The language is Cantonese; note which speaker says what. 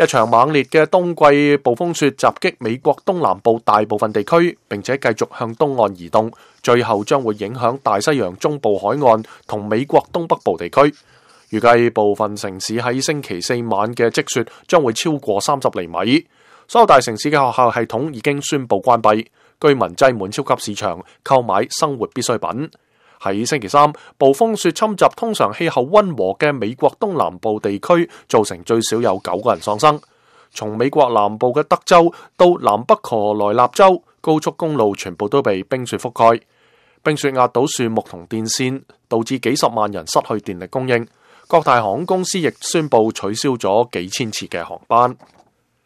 Speaker 1: 一場猛烈嘅冬季暴風雪襲擊美國東南部大部分地區，並且繼續向東岸移動，最後將會影響大西洋中部海岸同美國東北部地區。預計部分城市喺星期四晚嘅積雪將會超過三十厘米。所有大城市嘅學校系統已經宣布關閉，居民擠滿超級市場購買生活必需品。喺星期三，暴風雪侵襲通常氣候溫和嘅美國東南部地區，造成最少有九個人喪生。從美國南部嘅德州到南北卡羅萊納州，高速公路全部都被冰雪覆蓋，冰雪壓倒樹木同電線，導致幾十萬人失去電力供應。各大航空公司亦宣布取消咗幾千
Speaker 2: 次嘅航班。